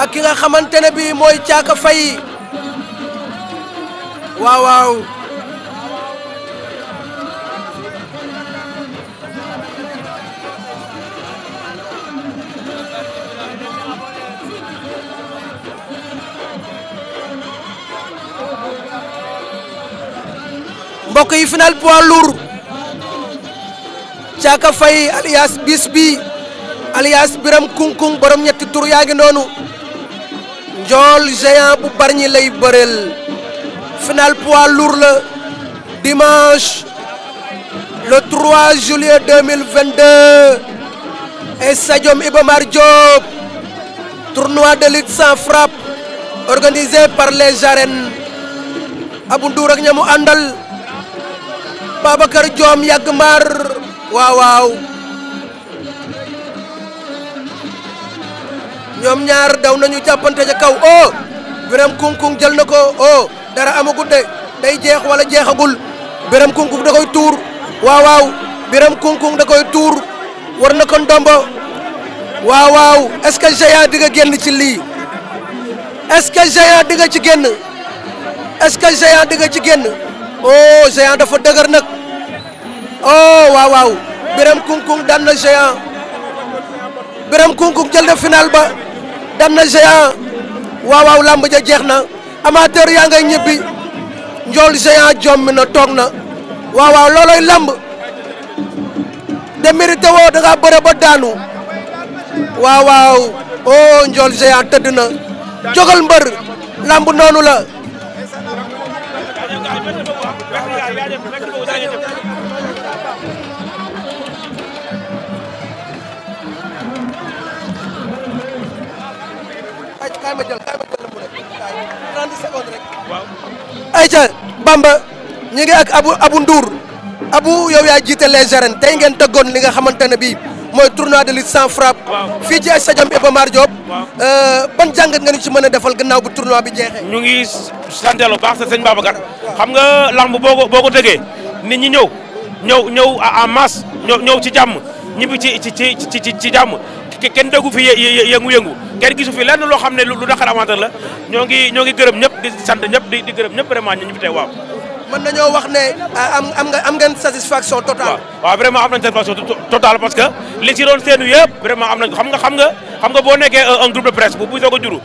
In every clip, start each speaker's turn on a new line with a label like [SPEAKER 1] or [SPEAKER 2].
[SPEAKER 1] ak ki nga xamante ne bi mooy caaka fay waaw waaw mbokk yi final poids lourd caaka fay alias bis alias biram kunkung borom ñetti tur yaa ngi noonu njool géant bu barñi lay bëreel final poids lourd la dimanche le 3 juillet 2022 et stadium Iba Mar Diop tournoi de lutte sans frappe organisé par les arènes Abou Ndour ak ñamu àndal Babacar Diom yàgg maar waaw waaw ñoom ñaar daw nañu jàppante ca kaw oh biram kunkung jël na ko oh, dara amagut de day jeex wala jeexagul biram kunkung da koy tuur waaw waaw biram kunkung da koy tuur war na ko ndombo waaw waaw est-ce que di nga génn ci lii est-ce que nga ci génn est-ce que di nga ci génn oh géant dafa dëgër nag. oh waaw waaw Biram Kunkung daan na géant Biram Kunkung jël na final ba daan na waaw waaw làmb ja jeex na amateur yaa ngay ñibbi njool géant jommi na toog na waaw waaw loolooy làmb de woo da ngaa ba daanu waaw waaw oh njool géant tëdd na jógal mbër làmb noonu la ma jël Bamba ñu ngi ak Abu Abu Ndour Abu yow yaa jiite les arènes tey ngeen tëggoon li nga xamante ne bii mooy tournoi de lutte sans frappe. waaw fii ci stade Iba Mar Diop. waaw euh, ban jàngat nga ñu ci mën a defal gannaaw bu tournoi bi jeexee. ñu ngi sant lu baax sa sëñ Babacar
[SPEAKER 2] xam nga lamb boo ko boo ko tëggee nit ñi ñëw ñëw ñëw en masse ñëw ci jàmm ñibbi ci ci ci ci ci jàmm. kenn déggu fi yëngu-yëngu kenn gisu fi lenn loo xam ne lu naqar avantage la ñoo ngi ñoo ngi gërëm ñëpp di sant ñëpp di gërëm ñëpp vraiment ñu fi tey waaw
[SPEAKER 1] mën nañoo wax ne
[SPEAKER 2] ah, am
[SPEAKER 1] am satisfaction
[SPEAKER 2] totale. waaw vraiment am nañ satisfaction totale parce que li ci doon seenu yëpp vraiment am nañ xam nga xam nga xam boo nekkee un groupe de presse bu bu soog a juru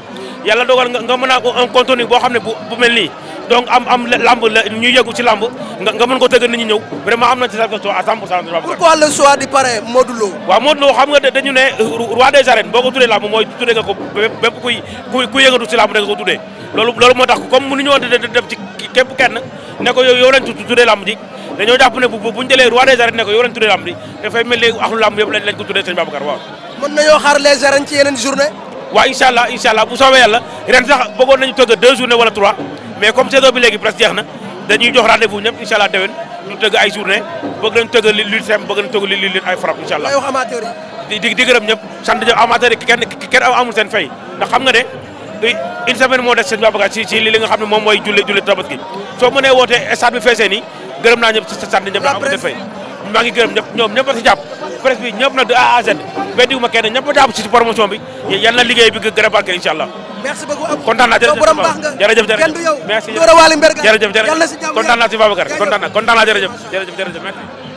[SPEAKER 2] yàlla dogal nga mën a un contenu boo xam ne bu mel nii donc am am lamb ñu yëgu ci lamb nga mën ko tëgg nit ñi ñëw vraiment am na ci satisfaction à 100 pour Lo. waaw Modou Lo euh, ko tuddee moo tax comme mënuñoo def ci képp kenn ne ko yow yow lañ allah incha sax bëggoon nañu tëgg deux journées wala trois mais comme saison bi léegi presque jeex na dañuy jox rendez-vous ñëpp incha allah tëgg ay journée bëgg nañ tëgg li lutte tëgg li lutte ay frappe incha allah di di gërëm ñëpp seen fay ndax xam nga ne une semaine moo des seen Babacar ci ci li nga xam ne moom mooy julle julle tabaski soo mënee wootee stade bi feesee nii gërëm naa ñëpp sant ñëpp ndax amul seen fay maa ngi gërëm ñëpp ñoom ñëpp a si jàpp presse bi ñëpp nag de A à Z beddiwu ma kenn ñëpp a jàpp ci promotion bi yal na liggéey bi gën merci beaucoup kontaan naa jërëjëf borom baax nga jërëjëf jërëjëf kenn du yow merci Dora Waly Mbergane jërëjëf jërëjëf kontaan naa si Babacar kontaan naa kontaan naa jërëjëf jërëjëf jërëjëf merci